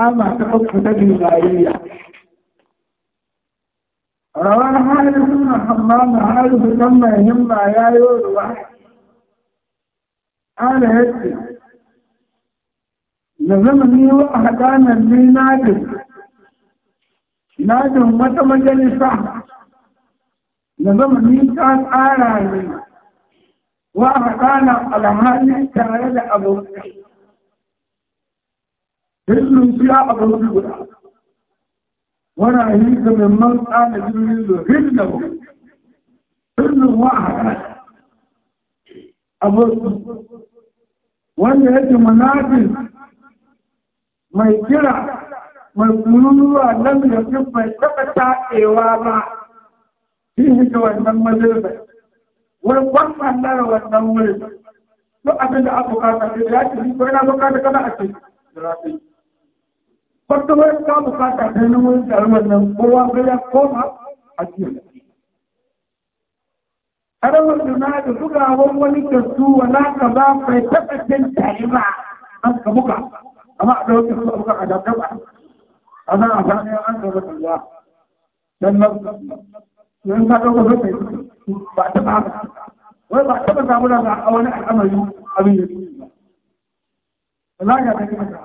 أما تحكمة الغائية روان حارث بن حمام حارث ثم يهم يا يور واحد قال هدي نظمني وأحكام لي نادم نادم متى مجلسة نظمني كان آرى لي وأحكام الأمانة كان أبو بكر هل فيها أبو الولاء وانا أهيك من من قال جميل هل هل واحد أبو وانا يجي منافذ ما يكرا ما يقولوا لم يكن ما يتبتع إيواما فيه جوانا مدربة والقرب الله والنور لو أبدا أبو قاتل يا أخي أنا بقاتل كما أكيد kwakwalwar ka bukata ta yi wurin taruwar nan kowa gaya koma a cikin karawar juna da bugawar wani da su wala ka ba kai taɓa jin tare ba buga amma a ɗauke su a buga a dabdaba a nan a sani an gaba da ruwa dan nan yan ka ɗauka su kai ta ba wai ba taɓa samu da a wani al'amari abin da su ba. Allah ya ta yi masa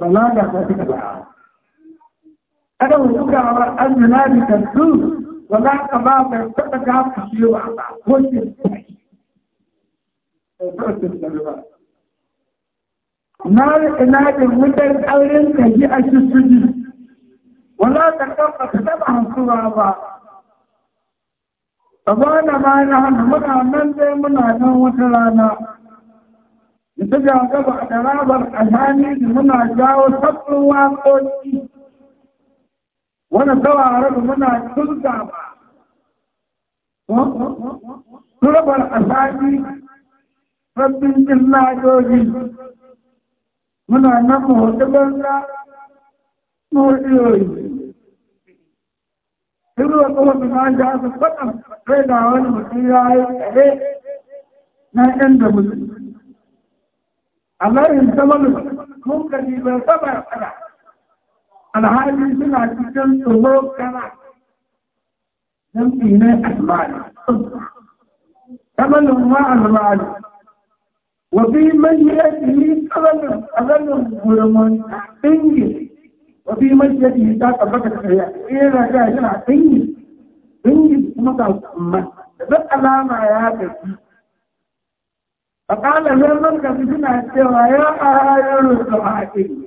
balaga ta ba. ba. kada mu duka wa annana bi ba za ka ba ka kada ka ba shi ba ko ba. na ina da mutar auren ka ji a Ba wala ka kafa ta taba hankuwa ba Ba ba na hannu muna nan zai muna nan wata rana da ta gaba da rabar ƙasani muna jawo sabbin waƙoƙi wani tsawarar muna turka ba turbar ƙasani sabbin illajoji muna nan mahudu banza mahudiyoyi Ibu wasu wasu na ja su faɗa sai da wani mutum ya yi tsare na inda mutum alharin zamanin mun ka ba saba kana alhali suna cikin tsoro kana don ne almani zamanin ma almani wa fi mayyadi zamanin zamanin gurman dingi wa fi mayyadi ta tabbata kariya ina ga yana dingi dingi kuma ta kuma da alama ya tafi فقال من مركز سنة السوى يا آيان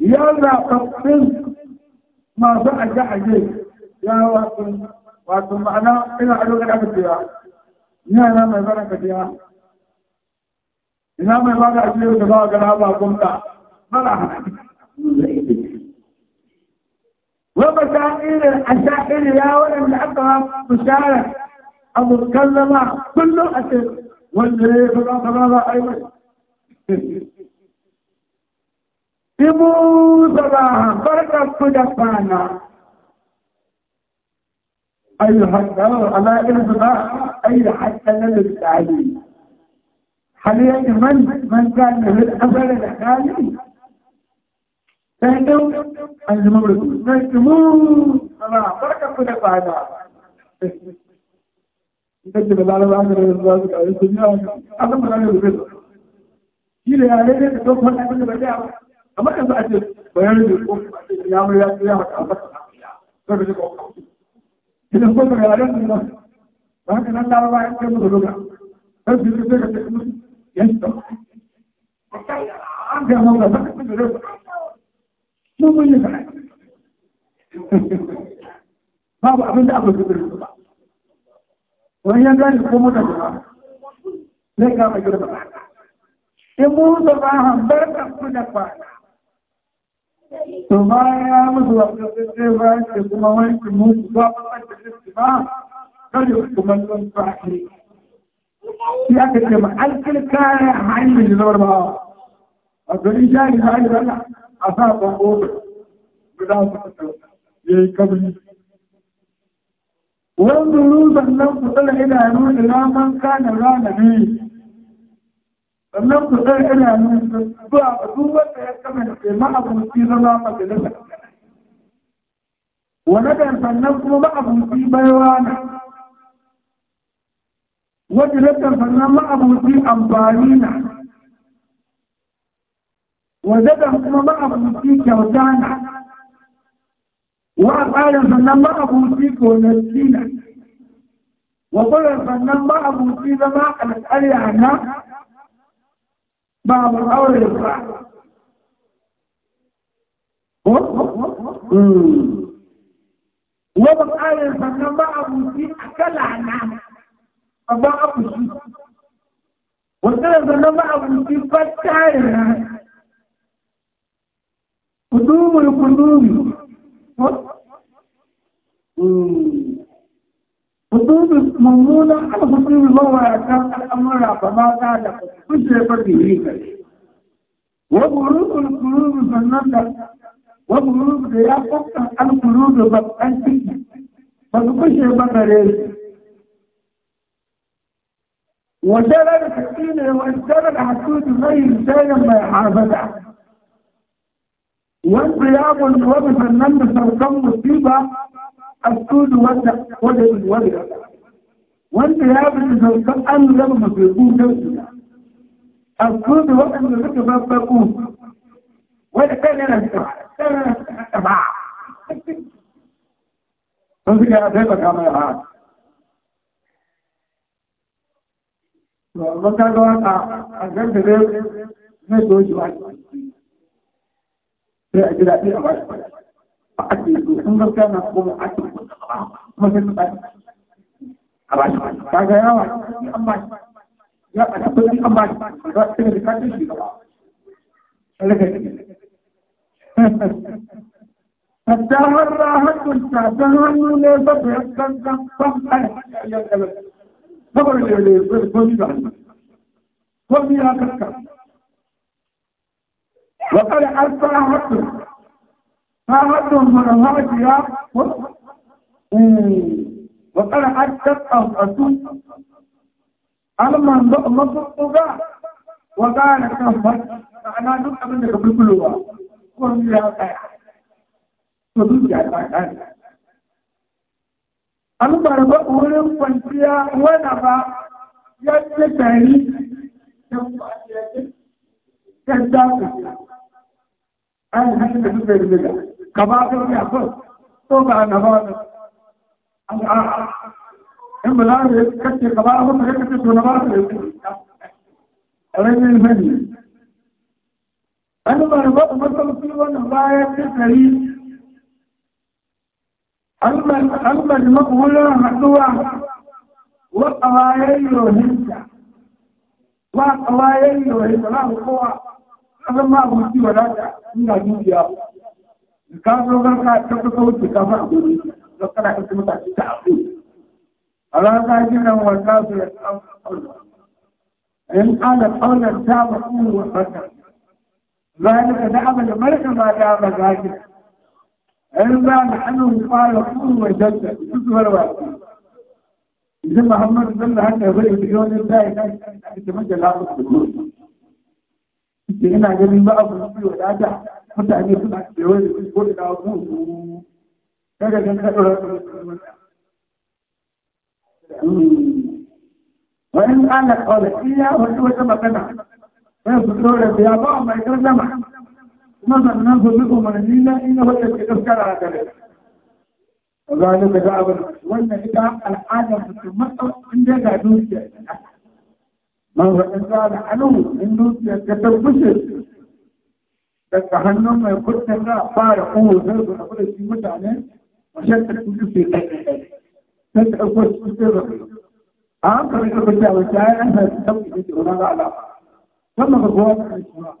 يا لا تقصد ما سأل جحجي يا واتم واتم معنا إلى حلوك العبد يا يا نام البركة يا نام البركة يا تباك العبا قمتا مرحبا ومشاعر الشاعر يا ولد العبد مشاعر أبو الكلمة كله أسر والذي فقط هذا أيضا Ibu salah berkat pejapana. أي حتى أنا إنها أي حتى نلد التعليم حاليا من من كان في الأثر الحالي تهدوا المولد تهدوا صلاة بركة كل kake da lalata aka da za su kare su yawa a san mutane da zai shi da yare ne da kan kwana abin ba ya ba amma yanzu a ce bayan da ko ya mai ya ya maka amma ka ga ko idan ko yare ne ba ba ka nan da ba ya ce mu doga sai su ce ka ce mu ya shi to an ga mu da ba ka da mu mun yi kana abin da aka gudu ba wani yan gani ko mota ba zai kama girma in mutu ba hambar da kwana to ma ya musu wa kasance ba ke kuma wani mutu ba ba da riski ba kada kuma sun fashi ya ka ce ma alkilka ya hanyar da zamar ba a gari jari hanyar a sa ba guda su ya yi kabin wanzuru sannan ku tsara idanu ila man kana zalimi sannan ku tsara idanu zuwa ga duk wanda ya kama da kai ma'abuci zama majalisa wani da sannan kuma ma'abuci baiwa na wani da sannan ma'abuci amfani na wani da kuma ma'abuci kyauta na وقال فان الله موسيك ونسينا وقال فان الله موسيك ما قلت علي عنا باب الأول الإفراح وقال فان الله موسيك أكل عنا أبا أبو شيك وقال فان الله موسيك فتعي عنا قدوم القدوم Hududu mummunan alhudu mawayakan al'amura ba ma ta da kushe fadi ne kai. Waburubun kurubu sannan da waburubu da ya kwakwan alkurubu ba an ciki ba su kushe ba gare su. Wajen da kaɗi ne wajen da hasudu mai zayen mai harbata. wani riyabun wani sannan da saukan musiba a tudu wata wajen wadda wanda ya bi da saukan an zama musibu don su a tudu waɗanda suka babbaku wadda kan yana da ba sun suka ya taimaka mai ha Maka ga wata a ganta zai zo shi ba sai a jira ɗaya ba ba a ce su sun zarta na kuma a ce kuma sai su ɗaya a ba shi ba ga yawa an ba shi ya ɓata kudi an ba shi ba su da katin shi gaba rage hatta har ra hannun ta ta hannu ne ba ta yankan kan kan kan yankan kan kan kan kan kan kan kan kan kan kan kan kan kan وقد أرسل حقه فأرد مرهاتها وقد أرسل أرسل أما مصدقا وقال كفت أنا نبقى من قبلها وهم لا قيع فبيجا فأنا أما ربا أولم فانتيا ونبا يتسعي يتسعي يتسعي أنا حتى تبقى بالله كباطل يأخذ طبعا نبات الآخر إما الآن يتكتي كباطل يكتي نبات رجل المني أنا ما نبات مثل سلوان لا يتكري أما المقبولة مدوعة وقوايا يوهنك وقوايا يوهنك لا قوة kasan ma abinci wadata ina dukiya ka zo garka ta kusa wuce kafin a gudu da kana kasance mutane ta abu a ranar jiran wata su ya in kana ƙaunar ta ba su wata ذلك دعم الملك ما دعم ذلك إلا نحن قال قوم وجدت تزور واحد إذا محمد صلى الله عليه وسلم يقول الله لا يتمجى لا تقول da ina ganin ba abu su wadata mutane suna kewa da su ko ina su daga nan ka su hmm. wani ana kawai iya wani wata magana sai su dora da ya ba mai karnama kuma sannan su bi umarni na ina wata ke kaskara a gare ذلك دعوة وأن إذا العالم في مصر عندنا دوسيا مگر علوم ہندو کے قتل کچھ تہنم میں خود کرنا پار او درد اپنے سیمت آنے مشکل کچھ سیکھا ہے سچ اپنے سوچتے رکھو عام طور پر بچہ بچایا ہے سب کچھ ہونا والا سب مگر بہت کچھ ہوا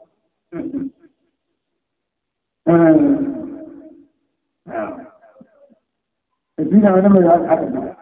اسی نے میں یاد آ رہا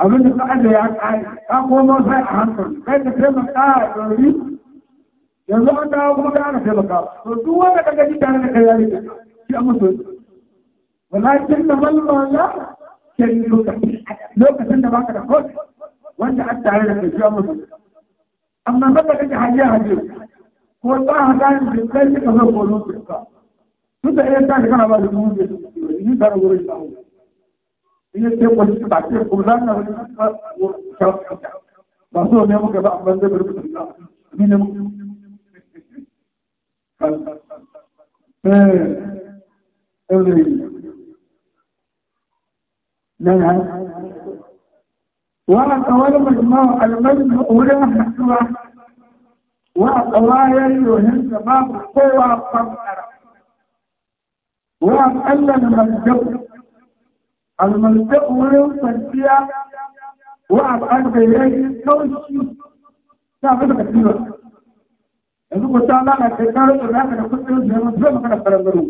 abin da sa'ada ya kare ka koma sai a hankali kai ka taimaka a ɗauri yanzu an dawo kuma ka ana taimaka to duk wanda ka gaji tare da kai ya rike shi a musu walakin da malmala ke yi lokaci lokacin da baka da kotu wanda an tare da kai shi a musu amma maka kake hajiya hajiya ko ta hada yin jinkai suka zo ko lokacin ka tun da iya tashi kana ba da dubu da su yi tare wurin da hau in ce kwalci ba ce kullum na wani ba so ne muka ba ban da birbi da ni ne eh eh nan ha wa qawal majma' al-majma' ula haswa wa qawayl yuhin ma qawa qamara wa qallal majma' almalta wurin kwanciya wa al'adu da ya yi kaushi ta fi daga ciwo yanzu ko ta lana kai karo da zaka da kudin da yanzu zai maka da karangaro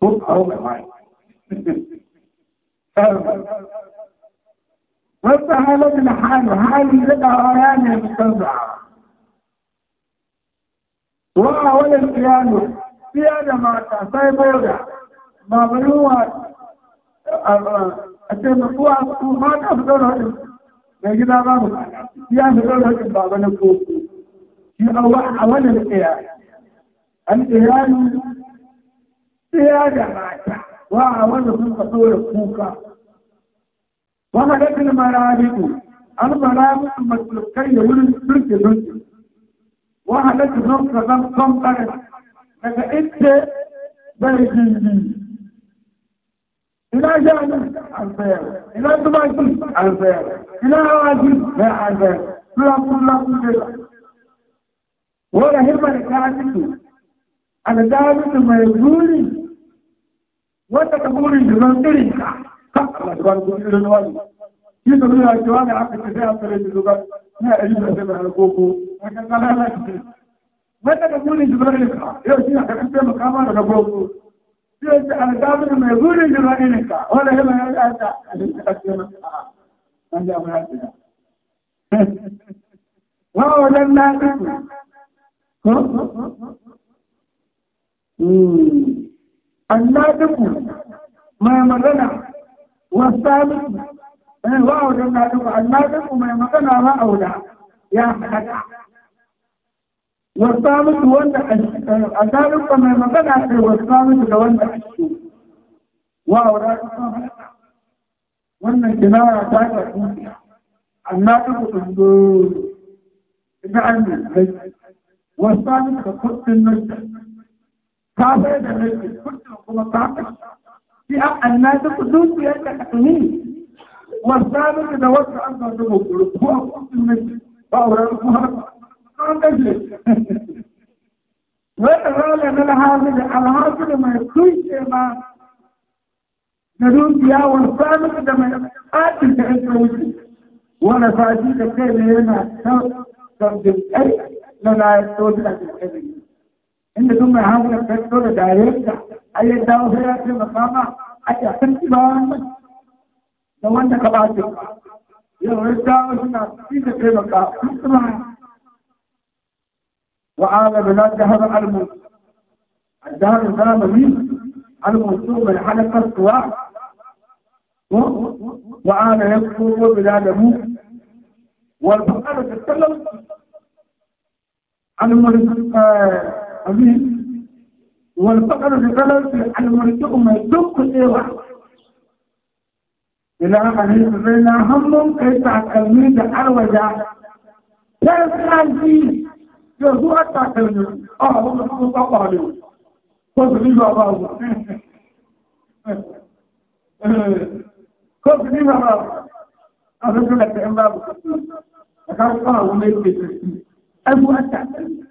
ko a wani mai wasu halin da hali hali da dawa ne da canza wa a wani piano piano mata sai boda mamayin wata أتى مقوى ما أفضل هذا لكن أنا مقوى يا أفضل هذا بابا نقوى في أول أول القيام القيام قيادة ماتا وأول في قصور الكوكا وهلك المرابط المرابط مسلوكي يولد سلسة سلسة وهلك نقصة قمقرة لكن إنت بيجي إلى جانب الخير إلى دبي الخير إلى عاجل لا الخير لا كل لا ولا هم الكاتب أنا دائما ما يقولي وتقولي جمانتري كفلا جوان كل الوالي يقول لي الجوان عقد كذا ترى اللغة لا أجيب أسمع الكوكو وكذا لا لا ما تقولي جمانتري يا شيخ أنت مكامر الكوكو سيد أرقابنا ما يقول جبائنك ولا هما يرقى من جاء مراتنا وهو لما تكون ألا تكون ما مغنى والثابت وهو لما تكون ألا تكون ما مغنى وأولى يا حدا والصامت هو الثالث كما مثل أخر والصامت هو الحشو وأوراق الصامت وأن الجماعة تعالى الناس تقول اجعلني البيت والصامت كقدس في الناس أنت هو قدس ما تجلس وترى لنا الحاصل الحاصل ما يكون ما نروح يا والصالح ده ما قاتل تحت وانا فاجيك الخير هنا طب اي لا يستوي لك الخير ان ثم هذا الفكر ده يرجع اي دعوه في مقامه ake kanti ba wannan da wanda ka ba ta yau ya dawo suna fi da taimaka kuma وآل بلا جهر المنصور الجهر الزامني المنصور بالحلقة السواء وآل يكفر بلا دموع والبقرة تتكلم عن أمين والبقرة تتكلم عن مرتق ما يدق إيوه إلى أن يصبحنا هم كيف تعلمين الأروجة لا يصبحنا فيه yanzu har takalmi a abin da sun saba ne ko su riba ba su ko su riba ba a rikin da ta'in babu a kawo kawo wani yake sarki ai mu har takalmi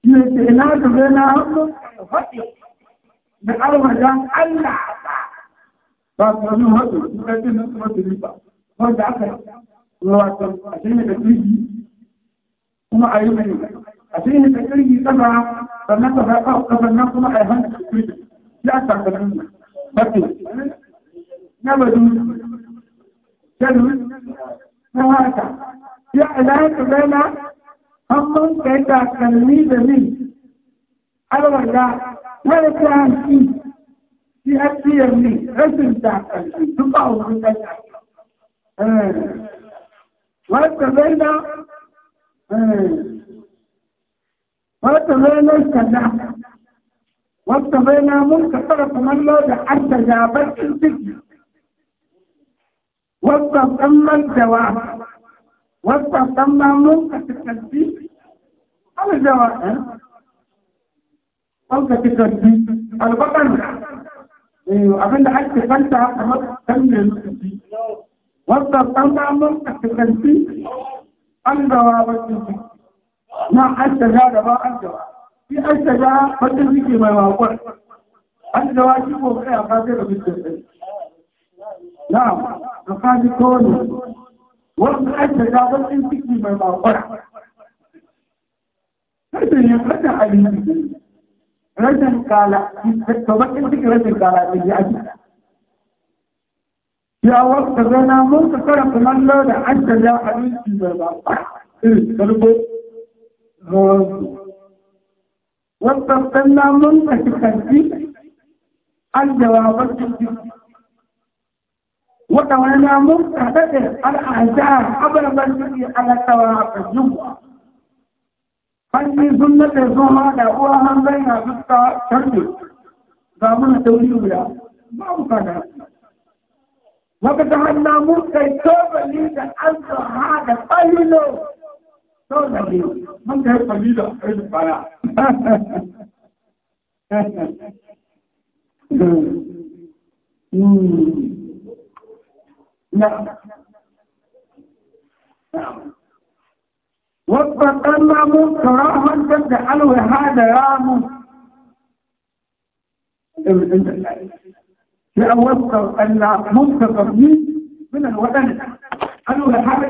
shi ne ke na zube na hannu da alwajen Allah ba su rami hatu su kai jin nasu masu riba wanda aka yi wato a shi ne da fiji kuma a yi mai a sai ne kai yi sama sannan ka zaɓa ka sannan kuma a yi hannu su kuma ya tabbata ne bace na bari shalu na haka ya alaƙa bala hannun ka yi takalmi da min alwala ta yi ta hanci shi hasiyar ne rashin takalmi duk a wurin ƙasa. Wata zai na وقت الشجاعة ملك طرف من لوجع حتى جابت الفتنة واستطم الجواب واستطم ملك التسبيح على الجواب ملك التسبيح البطن ايوه ابن حتى فانت عقبت تم للتسبيح واستطم ملك التسبيح an gawa bakin ciki na an shiga gaba an gawa shi an shiga bakin ciki mai wakwar an gawa shi ko kai a kafin da mutum ɗin na'am ka kaji kowane wanda an shiga bakin ciki mai wakwar rashin yin rashin abinci rashin kala ka bakin ciki rashin kala ɗin ya ake يا وقت زنا موت كرك من لا ده أنت يا حبيبي يا بابا كربو إيه، وقت زنا موت كرك الجوابات وتوانا مرتبطة الأعزاء قبل ما تجي على توافق الجمعة فني سنة الجمعة وأهم بينها في الطاعة تجي دامنا توليو بلا ما مصدر Maka tahan namun kai toba ni da an ha da ƙayyulo. Sau da ne, man kai fali da kai da baya. وفقا نامو كراها تبدأ الوهاد رامو. لأوصل أن المنطقة من الوطن قالوا لحالك